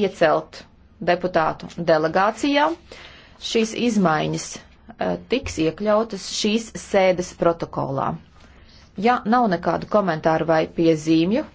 iecelt deputātu delegācijā. Šīs izmaiņas e, tiks iekļautas šīs sēdes protokolā. Ja nav nekādu komentāru vai piezīmju,